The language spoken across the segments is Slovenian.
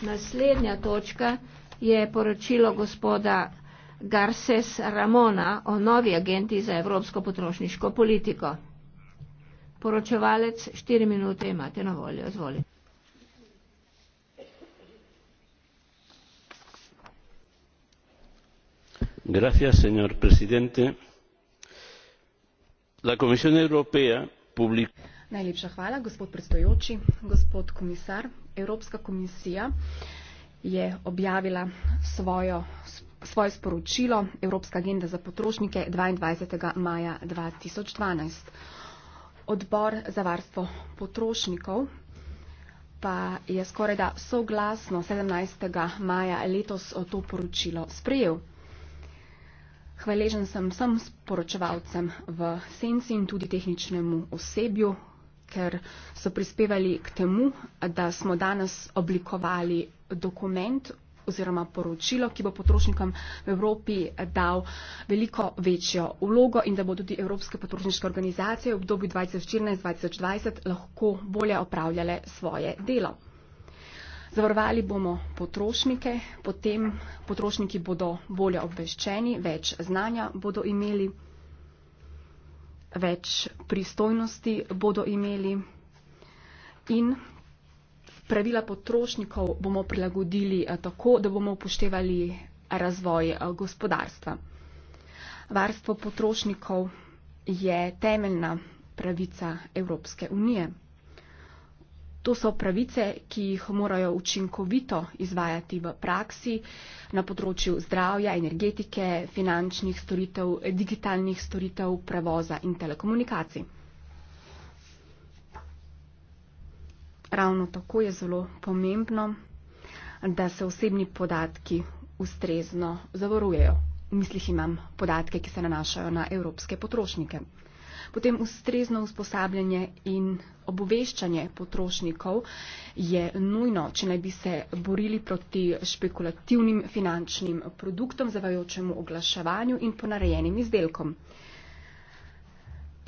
Naslednja točka je poročilo gospoda Garces Ramona o novi agenti za evropsko potrošniško politiko. Poročevalec, štiri minute imate na voljo, izvolite. Gracias, señor presidente. La Comisión Europea publicó. Najlepša hvala, gospod predstojoči, gospod komisar. Evropska komisija je objavila svojo, svoje sporočilo Evropska agenda za potrošnike 22. maja 2012. Odbor za varstvo potrošnikov pa je skoraj da soglasno 17. maja letos to poročilo sprejel. Hvaležen sem vsem sporočevalcem v senci in tudi tehničnemu osebju, ker so prispevali k temu, da smo danes oblikovali dokument oziroma poročilo, ki bo potrošnikom v Evropi dal veliko večjo vlogo in da bodo tudi evropske potrošniške organizacije v obdobju 2014-2020 lahko bolje opravljale svoje delo. Zavarovali bomo potrošnike, potem potrošniki bodo bolje obveščeni, več znanja bodo imeli več pristojnosti bodo imeli in pravila potrošnikov bomo prilagodili eh, tako, da bomo upoštevali razvoj eh, gospodarstva. Varstvo potrošnikov je temeljna pravica Evropske unije. To so pravice, ki jih morajo učinkovito izvajati v praksi na področju zdravja, energetike, finančnih storitev, digitalnih storitev, prevoza in telekomunikacij. Ravno tako je zelo pomembno, da se osebni podatki ustrezno zavarujejo. V mislih imam podatke, ki se nanašajo na evropske potrošnike potem ustrezno usposabljanje in obveščanje potrošnikov je nujno, če naj bi se borili proti špekulativnim finančnim produktom, zavajočemu oglaševanju in ponarejenim izdelkom.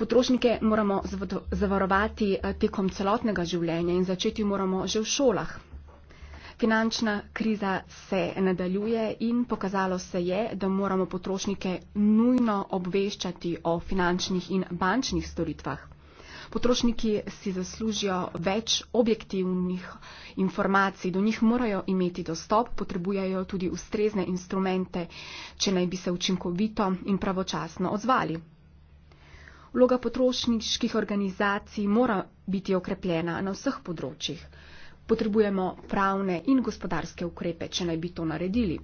Potrošnike moramo zavarovati eh, tekom celotnega življenja in začeti moramo že v šolah. Finančna kriza se nadaljuje in pokazalo se je, da moramo potrošnike nujno obveščati o finančnih in bančnih storitvah. Potrošniki si zaslužijo več objektivnih informacij, do njih morajo imeti dostop, potrebujejo tudi ustrezne instrumente, če naj bi se učinkovito in pravočasno odzvali. Vloga potrošniških organizacij mora biti okrepljena na vseh področjih. Potrebujemo pravne in gospodarske ukrepe, če naj bi to naredili.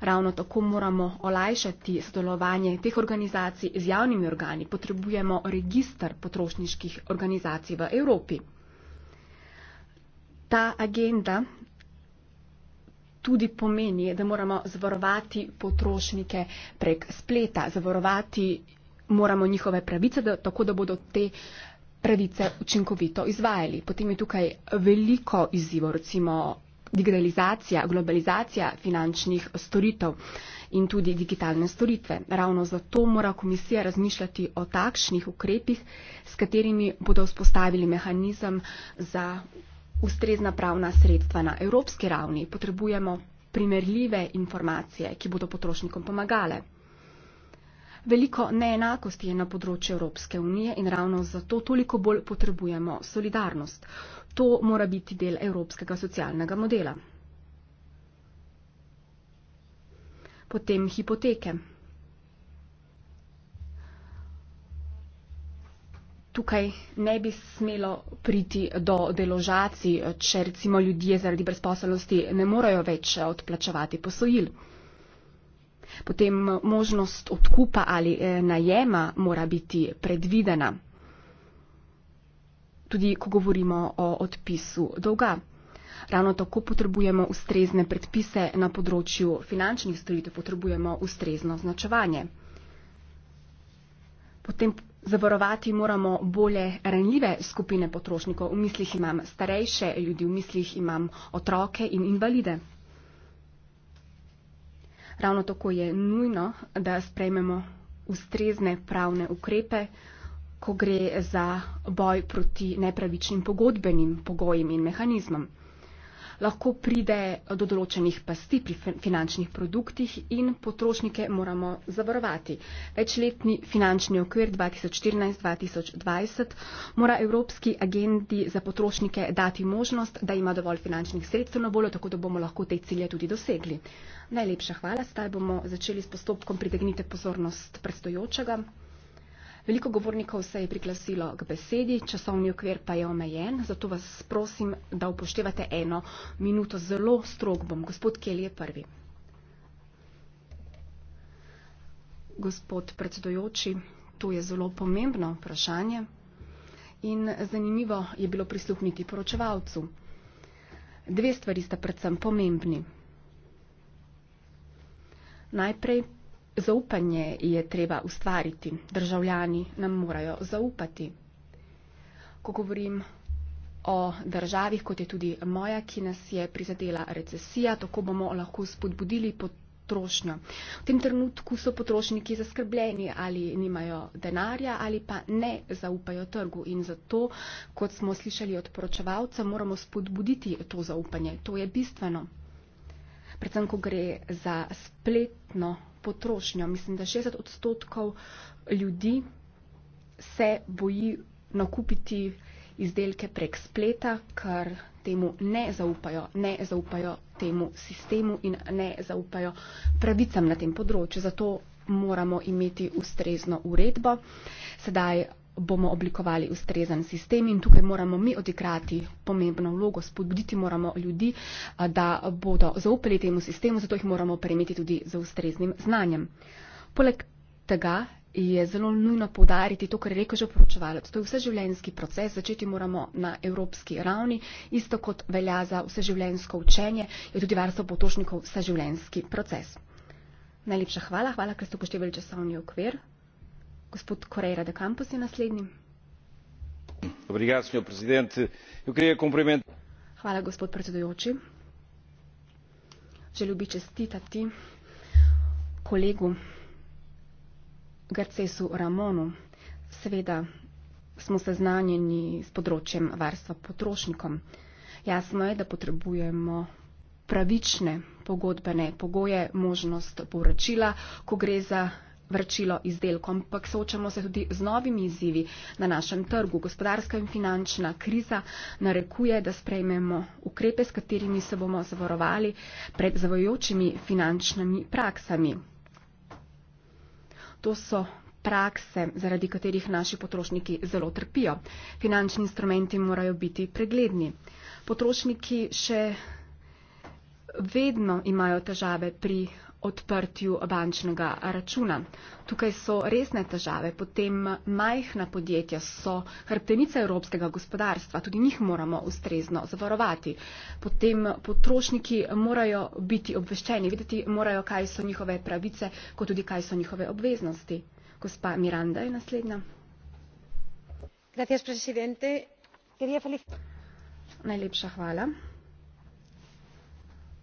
Ravno tako moramo olajšati sodelovanje teh organizacij z javnimi organi. Potrebujemo registr potrošniških organizacij v Evropi. Ta agenda tudi pomeni, da moramo zavarovati potrošnike prek spleta, zavarovati moramo njihove pravice, da, tako da bodo te pravice učinkovito izvajali. Potem je tukaj veliko izzivov, recimo digitalizacija, globalizacija finančnih storitev in tudi digitalne storitve. Ravno zato mora komisija razmišljati o takšnih ukrepih, s katerimi bodo vzpostavili mehanizem za ustrezna pravna sredstva na evropski ravni. Potrebujemo primerljive informacije, ki bodo potrošnikom pomagale. Veliko neenakosti je na področju Evropske unije in ravno zato toliko bolj potrebujemo solidarnost. To mora biti del evropskega socialnega modela. Potem hipoteke. Tukaj ne bi smelo priti do deložacij, če recimo ljudje zaradi brezposelnosti ne morejo več odplačevati posojil. Potem možnost odkupa ali eh, najema mora biti predvidena. Tudi, ko govorimo o odpisu dolga. Ravno tako potrebujemo ustrezne predpise na področju finančnih storitev, potrebujemo ustrezno označevanje. Potem zavarovati moramo bolje ranljive skupine potrošnikov. V mislih imam starejše ljudi, v mislih imam otroke in invalide. Ravno tako je nujno, da sprejmemo ustrezne pravne ukrepe, ko gre za boj proti nepravičnim pogodbenim pogojim in mehanizmom lahko pride do določenih pasti pri finančnih produktih in potrošnike moramo zavarovati. Večletni finančni okvir 2014-2020 mora Evropski agendi za potrošnike dati možnost, da ima dovolj finančnih sredstev na voljo, tako da bomo lahko te cilje tudi dosegli. Najlepša hvala. Zdaj bomo začeli s postopkom pritegnite pozornost predstojočega. Veliko govornikov se je priglasilo k besedi, časovni okvir pa je omejen, zato vas prosim, da upoštevate eno minuto. Zelo strog bom. Gospod Kelly je prvi. Gospod predsedojoči, to je zelo pomembno vprašanje in zanimivo je bilo prisluhniti poročevalcu. Dve stvari sta predvsem pomembni. Najprej Zaupanje je treba ustvariti. Državljani nam morajo zaupati. Ko govorim o državih, kot je tudi moja, ki nas je prizadela recesija, tako bomo lahko spodbudili potrošnjo. V tem trenutku so potrošniki zaskrbljeni ali nimajo denarja ali pa ne zaupajo trgu in zato, kot smo slišali od poročevalca, moramo spodbuditi to zaupanje. To je bistveno. Predvsem, ko gre za spletno potrošnjo. Mislim, da 60 odstotkov ljudi se boji nakupiti izdelke prek spleta, ker temu ne zaupajo, ne zaupajo temu sistemu in ne zaupajo pravicam na tem področju. Zato moramo imeti ustrezno uredbo. Sedaj bomo oblikovali ustrezen sistem in tukaj moramo mi odigrati pomembno vlogo, spodbuditi moramo ljudi, da bodo zaupali temu sistemu, zato jih moramo premeti tudi z ustreznim znanjem. Poleg tega je zelo nujno povdariti to, kar je rekel že poročevalec. To je vseživljenjski proces, začeti moramo na evropski ravni, isto kot velja za vseživljenjsko učenje, je tudi varstvo potrošnikov vseživljenjski proces. Najlepša hvala, hvala, ker ste upoštevali časovni okvir gospod correia de campos je naslednji. hvala gospod predsedujoči. želel bi čestitati kolegu garcesu ramonu. seveda smo seznanjeni s področjem varstva potrošnikom. jasno je, da potrebujemo pravične pogodbene pogoje, možnost poročila, ko gre za vrčilo izdelkom, ampak soočamo se tudi z novimi izzivi na našem trgu. Gospodarska in finančna kriza narekuje, da sprejmemo ukrepe, s katerimi se bomo zavarovali pred zavojočimi finančnimi praksami. To so prakse, zaradi katerih naši potrošniki zelo trpijo. Finančni instrumenti morajo biti pregledni. Potrošniki še vedno imajo težave pri odprtju bančnega računa. Tukaj so resne težave, potem majhna podjetja so hrbtenica evropskega gospodarstva, tudi njih moramo ustrezno zavarovati. Potem potrošniki morajo biti obveščeni, videti morajo, kaj so njihove pravice, kot tudi kaj so njihove obveznosti. Gospa Miranda je naslednja. Gracias, Najlepša hvala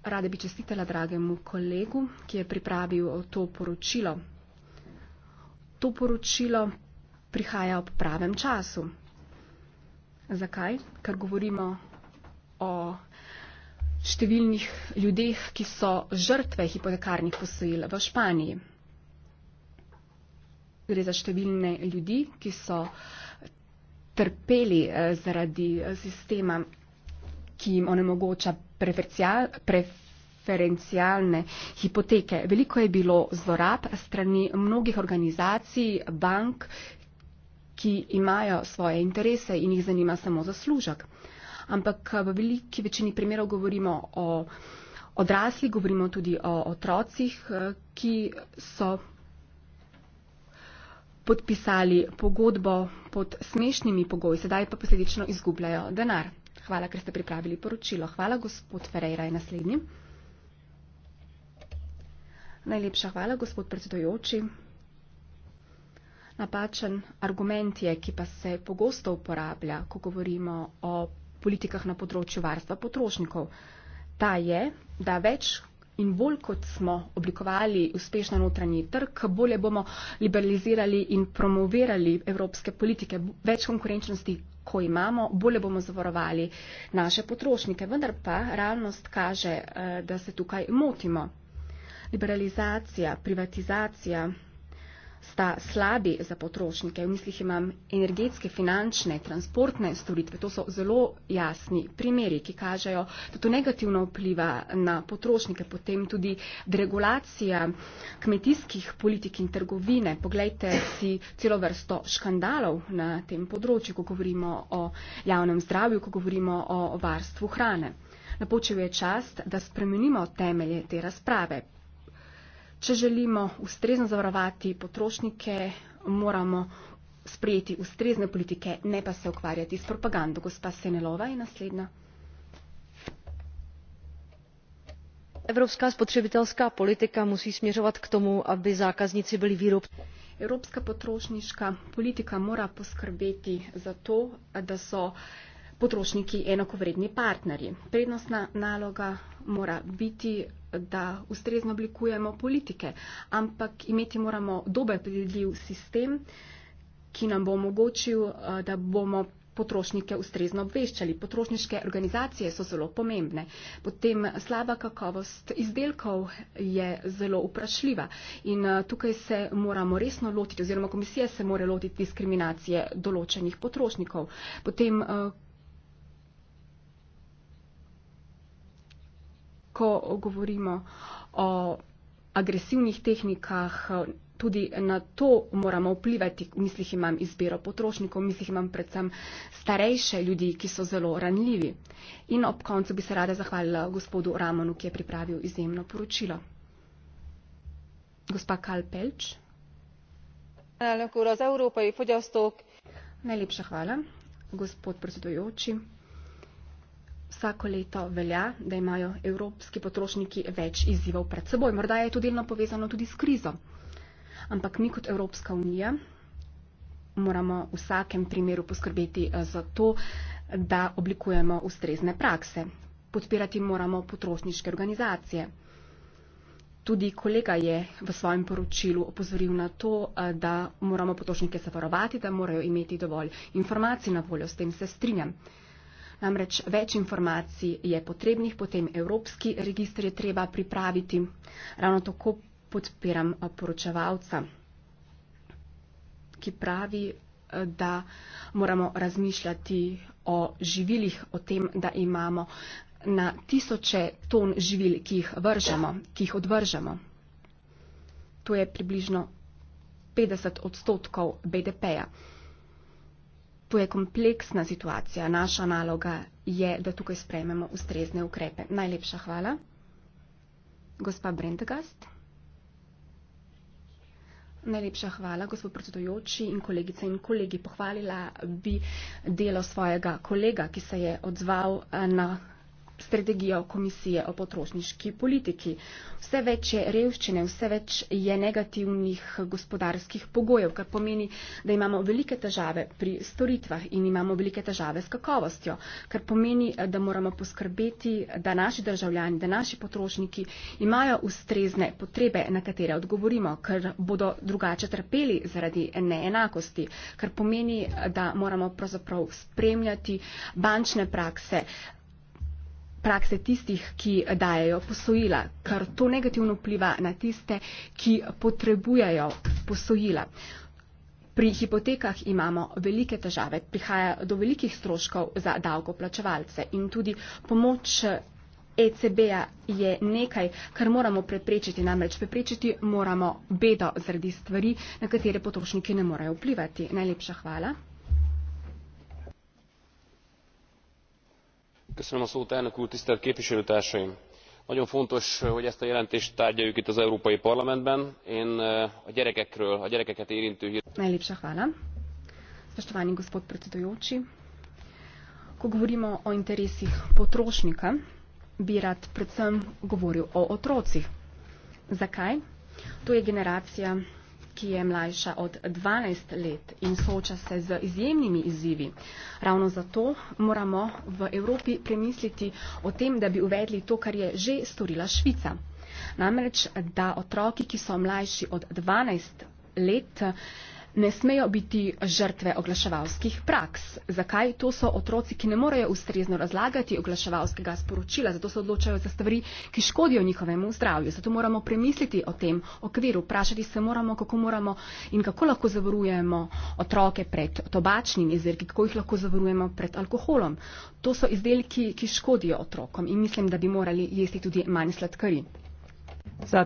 rade bi čestitela dragemu kolegu, ki je pripravil to poročilo. To poročilo prihaja ob pravem času. Zakaj? Ker govorimo o številnih ljudeh, ki so žrtve hipotekarnih posojil v Španiji. Gre za številne ljudi, ki so trpeli eh, zaradi eh, sistema, ki jim onemogoča preferencial, preferencialne hipoteke. Veliko je bilo zlorab strani mnogih organizacij, bank, ki imajo svoje interese in jih zanima samo zaslužek. Ampak v veliki večini primerov govorimo o odraslih, govorimo tudi o otrocih, ki so podpisali pogodbo pod smešnimi pogoji, sedaj pa posledično izgubljajo denar. Hvala, ker ste pripravili poročilo. Hvala, gospod Ferreira, je naslednji. Najlepša hvala, gospod predsedojoči. Napačen argument je, ki pa se pogosto uporablja, ko govorimo o politikah na področju varstva potrošnikov. Ta je, da več in bolj kot smo oblikovali uspešno notranji trg, bolje bomo liberalizirali in promovirali evropske politike, več konkurenčnosti ko imamo, bolje bomo zavarovali naše potrošnike. Vendar pa realnost kaže, eh, da se tukaj motimo. Liberalizacija, privatizacija, sta slabi za potrošnike, v mislih imam energetske, finančne, transportne storitve. To so zelo jasni primeri, ki kažejo, da to negativno vpliva na potrošnike. Potem tudi deregulacija kmetijskih politik in trgovine. Poglejte si celo vrsto škandalov na tem področju, ko govorimo o javnem zdravju, ko govorimo o varstvu hrane. Napočil je čast, da spremenimo temelje te razprave. Če želimo ustrezno zavarovati potrošnike, moramo sprejeti ustrezne politike, ne pa se ukvarjati s propagando. Gospa Senelova je naslednja. Evropska spotrebitelska politika musí smerovať k tomu, aby zákazníci byli výrobci. Evropska potrošniška politika mora poskrbeti za to, da so potrošniki enakovredni partnerji. Prednostna naloga mora biti, da ustrezno oblikujemo politike, ampak imeti moramo dober predvidljiv sistem, ki nam bo omogočil, eh, da bomo potrošnike ustrezno obveščali. Potrošniške organizacije so zelo pomembne. Potem slaba kakovost izdelkov je zelo vprašljiva in eh, tukaj se moramo resno lotiti oziroma komisija se mora lotiti diskriminacije določenih potrošnikov. Potem eh, ko govorimo o agresivnih tehnikah, tudi na to moramo vplivati. V mislih imam izbiro potrošnikov, v mislih imam predvsem starejše ljudi, ki so zelo ranljivi. In ob koncu bi se rada zahvalila gospodu Ramonu, ki je pripravil izjemno poročilo. Gospa Kal Pelč. Najlepša hvala, gospod predsedujoči vsako leto velja, da imajo evropski potrošniki več izzivov pred seboj. Morda je to delno povezano tudi s krizo. Ampak mi kot Evropska unija moramo v vsakem primeru poskrbeti eh, za to, da oblikujemo ustrezne prakse. Podpirati moramo potrošniške organizacije. Tudi kolega je v svojem poročilu opozoril na to, eh, da moramo potrošnike zavarovati, da morajo imeti dovolj informacij na voljo. S tem se strinjam. Namreč več informacij je potrebnih, potem evropski registr je treba pripraviti. Ravno tako podpiram eh, poročevalca, ki pravi, eh, da moramo razmišljati o živilih, o tem, da imamo na tisoče ton živil, ki jih vržemo, ki jih odvržemo. To je približno 50 odstotkov BDP-ja. To je kompleksna situacija. Naša naloga je, da tukaj sprejmemo ustrezne ukrepe. Najlepša hvala. Gospa Brendegast. Najlepša hvala, gospod predsedujoči in kolegice in kolegi. Pohvalila bi delo svojega kolega, ki se je odzval na strategijo komisije o potrošniški politiki. Vse več je revščine, vse več je negativnih gospodarskih pogojev, kar pomeni, da imamo velike težave pri storitvah in imamo velike težave s kakovostjo, kar pomeni, da moramo poskrbeti, da naši državljani, da naši potrošniki imajo ustrezne potrebe, na katere odgovorimo, ker bodo drugače trpeli zaradi neenakosti, kar pomeni, da moramo pravzaprav spremljati bančne prakse, prakse tistih, ki dajejo posojila, ker to negativno vpliva na tiste, ki potrebujejo posojila. Pri hipotekah imamo velike težave, prihaja do velikih stroškov za davkoplačevalce in tudi pomoč ECB-a je nekaj, kar moramo preprečiti, namreč preprečiti moramo bedo zaradi stvari, na katere potrošniki ne morejo vplivati. Najlepša hvala. tisztelt képviselőtársaim nagyon fontos hogy ezt a jelentést tárgyaljuk itt az európai parlamentben. én a gyerekekről a gyerekeket érintő ko govorimo o interesih potrošnika, bi rad predvsem govoril o otrocih. Zakaj? To je generacija, ki je mlajša od 12 let in sooča se z izjemnimi izzivi. Ravno zato moramo v Evropi premisliti o tem, da bi uvedli to, kar je že storila Švica. Namreč, da otroki, ki so mlajši od 12 let, ne smejo biti žrtve oglaševalskih praks. Zakaj? To so otroci, ki ne morejo ustrezno razlagati oglaševalskega sporočila, zato se odločajo za stvari, ki škodijo njihovemu zdravju. Zato moramo premisliti o tem okviru, vprašati se moramo, kako moramo in kako lahko zavarujemo otroke pred tobačnimi izdelki, kako jih lahko zavarujemo pred alkoholom. To so izdelki, ki škodijo otrokom in mislim, da bi morali jesti tudi manj sladkari. Zdaj.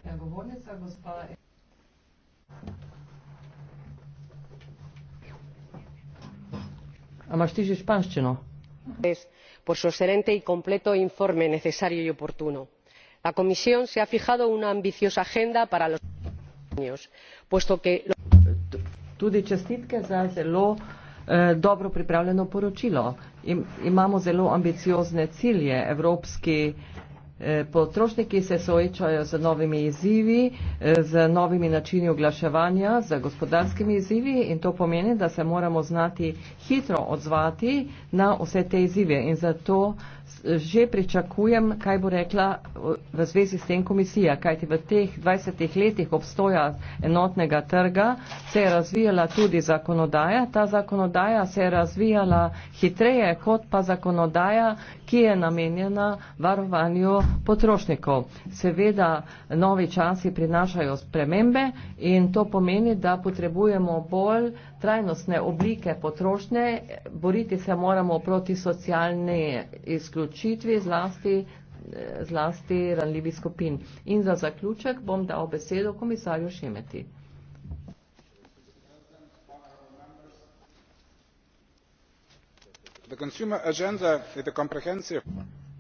A máš ty že španščino? por su excelente y completo informe necesario y oportuno. La Comisión se ha fijado una ambiciosa agenda para los años, puesto que... Lo... Tudi čestitke za zelo eh, dobro pripravljeno poročilo. Im, imamo zelo ambiciozne cilje. Evropski E, potrošniki se soočajo z novimi izzivi, e, z novimi načini oglaševanja, z gospodarskimi izzivi in to pomeni, da se moramo znati hitro odzvati na vse te izzive. In zato že pričakujem, kaj bo rekla e, v zvezi s tem komisija, kajti v teh 20 letih obstoja enotnega trga se je razvijala tudi zakonodaja. Ta zakonodaja se je razvijala hitreje kot pa zakonodaja, ki je namenjena varovanju potrošnikov. Seveda novi časi prinašajo spremembe in to pomeni, da potrebujemo bolj trajnostne oblike potrošnje, boriti se moramo proti socialni izključitvi zlasti zlasti ranljivih skupin. In za zaključek bom dal besedo komisarju Šemeti.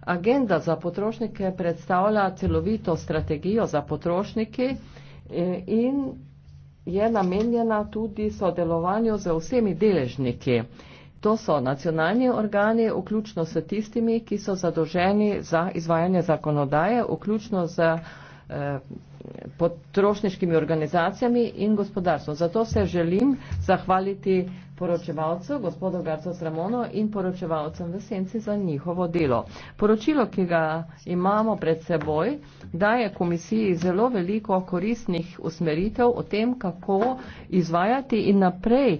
Agenda za potrošnike predstavlja celovito strategijo za potrošniki e, in je namenjena tudi sodelovanju z vsemi deležniki. To so nacionalni organi, vključno s tistimi, ki so zadoženi za izvajanje zakonodaje, vključno z e, potrošniškimi organizacijami in gospodarstvom. Zato se želim zahvaliti poročevalcu, gospodu Garco Sramono in poročevalcem v Senci za njihovo delo. Poročilo, ki ga imamo pred seboj, daje komisiji zelo veliko koristnih usmeritev o tem, kako izvajati in naprej eh,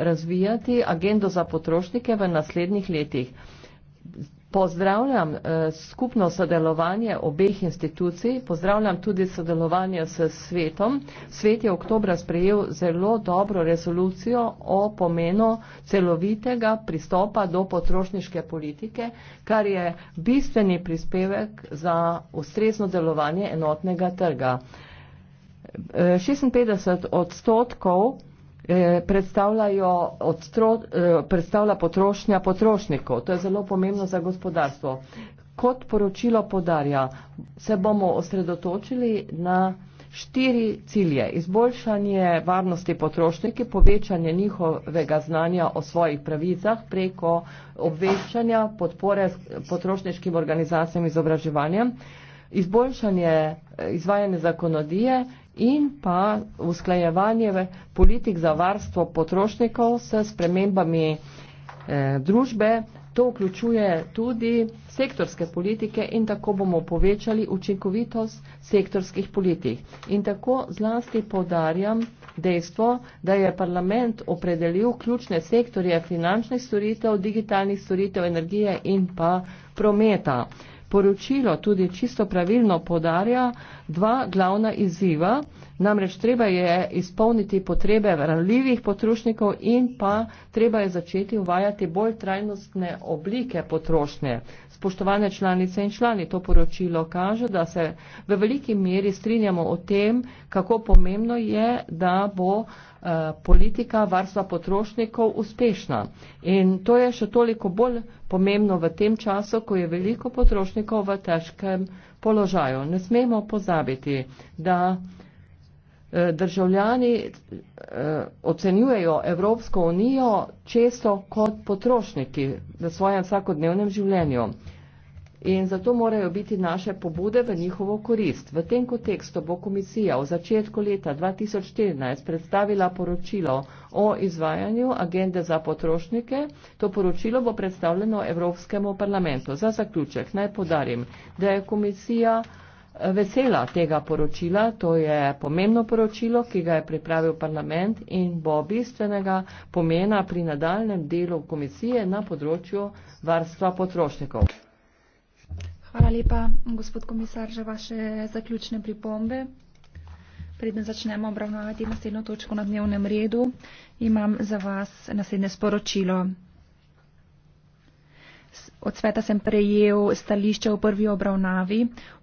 razvijati agendo za potrošnike v naslednjih letih pozdravljam eh, skupno sodelovanje obeh institucij, pozdravljam tudi sodelovanje s svetom. Svet je oktobra sprejel zelo dobro rezolucijo o pomenu celovitega pristopa do potrošniške politike, kar je bistveni prispevek za ustrezno delovanje enotnega trga. 56 eh, odstotkov Eh, predstavljajo odstro, eh, predstavlja potrošnja potrošnikov. To je zelo pomembno za gospodarstvo. Kot poročilo podarja, se bomo osredotočili na štiri cilje. Izboljšanje varnosti potrošniki, povečanje njihovega znanja o svojih pravicah preko obveščanja, podpore potrošniškim organizacijam in izobraževanjem, izboljšanje eh, izvajanja zakonodije in pa usklajevanje politik za varstvo potrošnikov s spremembami eh, družbe. To vključuje tudi sektorske politike in tako bomo povečali učinkovitost sektorskih politik. In tako zlasti podarjam dejstvo, da je parlament opredelil ključne sektorje finančnih storitev, digitalnih storitev, energije in pa prometa poročilo tudi čisto pravilno podarja dva glavna izziva, namreč treba je izpolniti potrebe ranljivih potrošnikov in pa treba je začeti uvajati bolj trajnostne oblike potrošnje, Spoštovane članice in člani, to poročilo kaže, da se v veliki meri strinjamo o tem, kako pomembno je, da bo eh, politika varstva potrošnikov uspešna. In to je še toliko bolj pomembno v tem času, ko je veliko potrošnikov v težkem položaju. Ne smemo pozabiti, da. Eh, državljani eh, ocenjujejo Evropsko unijo često kot potrošniki v svojem vsakodnevnem življenju. In zato morajo biti naše pobude v njihovo korist. V tem kontekstu bo komisija v začetku leta 2014 predstavila poročilo o izvajanju agende za potrošnike. To poročilo bo predstavljeno Evropskemu parlamentu. Za zaključek naj podarim, da je komisija vesela tega poročila. To je pomembno poročilo, ki ga je pripravil parlament in bo bistvenega pomena pri nadaljem delu komisije na področju varstva potrošnikov. Hvala lepa, gospod komisar, za vaše zaključne pripombe. Predne začnemo obravnavati naslednjo točko na dnevnem redu, imam za vas naslednje sporočilo. Od sveta sem prejel stališče v prvi obravnavi